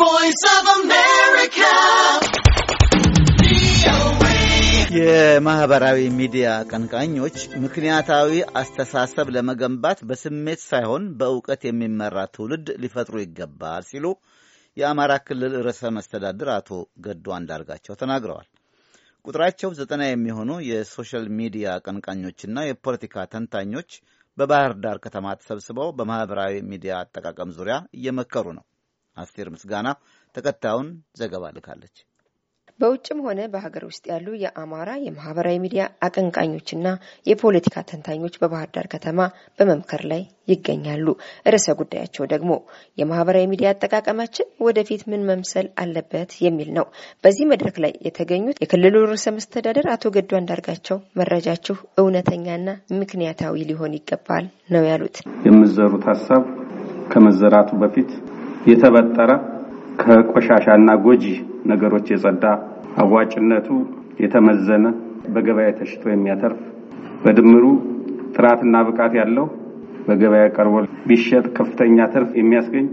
voice of America. የማህበራዊ ሚዲያ ቀንቃኞች ምክንያታዊ አስተሳሰብ ለመገንባት በስሜት ሳይሆን በእውቀት የሚመራ ትውልድ ሊፈጥሩ ይገባል ሲሉ የአማራ ክልል ርዕሰ መስተዳድር አቶ ገዱ አንዳርጋቸው ተናግረዋል። ቁጥራቸው ዘጠና የሚሆኑ የሶሻል ሚዲያ ቀንቃኞችና የፖለቲካ ተንታኞች በባህር ዳር ከተማ ተሰብስበው በማህበራዊ ሚዲያ አጠቃቀም ዙሪያ እየመከሩ ነው። አስቴር ምስጋና ተከታዩን ዘገባ ልካለች። በውጭም ሆነ በሀገር ውስጥ ያሉ የአማራ የማህበራዊ ሚዲያ አቀንቃኞችና የፖለቲካ ተንታኞች በባህር ዳር ከተማ በመምከር ላይ ይገኛሉ። ርዕሰ ጉዳያቸው ደግሞ የማህበራዊ ሚዲያ አጠቃቀማችን ወደፊት ምን መምሰል አለበት የሚል ነው። በዚህ መድረክ ላይ የተገኙት የክልሉ ርዕሰ መስተዳደር አቶ ገዱ አንዳርጋቸው መረጃችሁ እውነተኛና ምክንያታዊ ሊሆን ይገባል ነው ያሉት። የምዘሩት ሀሳብ ከመዘራቱ በፊት የተበጠረ ከቆሻሻና ጎጂ ነገሮች የጸዳ አዋጭነቱ የተመዘነ በገበያ ተሽጦ የሚያተርፍ በድምሩ ጥራትና ብቃት ያለው በገበያ ቀርቦ ቢሸጥ ከፍተኛ ትርፍ የሚያስገኝ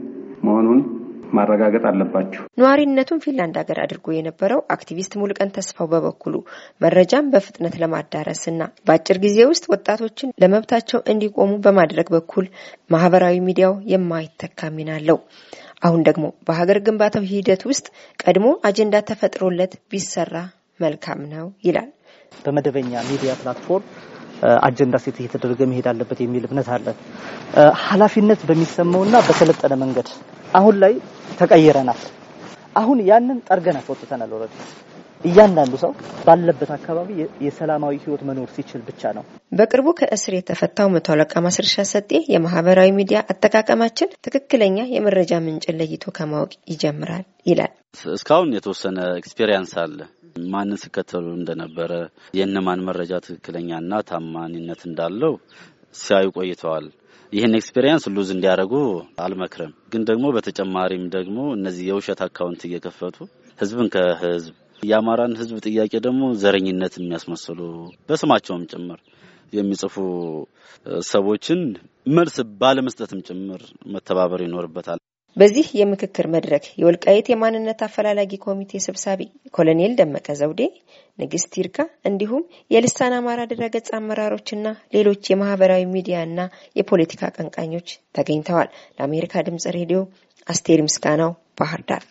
መሆኑን ማረጋገጥ አለባቸው። ነዋሪነቱን ፊንላንድ ሀገር አድርጎ የነበረው አክቲቪስት ሙሉቀን ተስፋው በበኩሉ መረጃን በፍጥነት ለማዳረስ እና በአጭር ጊዜ ውስጥ ወጣቶችን ለመብታቸው እንዲቆሙ በማድረግ በኩል ማህበራዊ ሚዲያው የማይተካ ሚና አለው። አሁን ደግሞ በሀገር ግንባታው ሂደት ውስጥ ቀድሞ አጀንዳ ተፈጥሮለት ቢሰራ መልካም ነው ይላል። በመደበኛ ሚዲያ ፕላትፎርም አጀንዳ ሴት እየተደረገ መሄድ አለበት የሚል እምነት አለ። ኃላፊነት በሚሰማውና በሰለጠነ መንገድ አሁን ላይ ተቀይረናል። አሁን ያንን ጠርገን አስወጥተናል። ወረድ እያንዳንዱ ሰው ባለበት አካባቢ የሰላማዊ ህይወት መኖር ሲችል ብቻ ነው። በቅርቡ ከእስር የተፈታው መቶ አለቃ ማስረሻ ሰጤ የማህበራዊ ሚዲያ አጠቃቀማችን ትክክለኛ የመረጃ ምንጭን ለይቶ ከማወቅ ይጀምራል ይላል። እስካሁን የተወሰነ ኤክስፔሪንስ አለ። ማንን ስከተሉ እንደነበረ የእነማን መረጃ ትክክለኛና ታማኒነት እንዳለው ሲያዩ ቆይተዋል። ይህን ኤክስፔሪንስ ሉዝ እንዲያደርጉ አልመክርም። ግን ደግሞ በተጨማሪም ደግሞ እነዚህ የውሸት አካውንት እየከፈቱ ህዝብን ከህዝብ የአማራን ህዝብ ጥያቄ ደግሞ ዘረኝነት የሚያስመስሉ በስማቸውም ጭምር የሚጽፉ ሰዎችን መልስ ባለመስጠትም ጭምር መተባበር ይኖርበታል። በዚህ የምክክር መድረክ የወልቃይት የማንነት አፈላላጊ ኮሚቴ ሰብሳቢ ኮሎኔል ደመቀ ዘውዴ፣ ንግስት ይርጋ እንዲሁም የልሳን አማራ ድረገጽ አመራሮችና ሌሎች የማህበራዊ ሚዲያና የፖለቲካ አቀንቃኞች ተገኝተዋል። ለአሜሪካ ድምጽ ሬዲዮ አስቴር ምስጋናው ባህር ዳር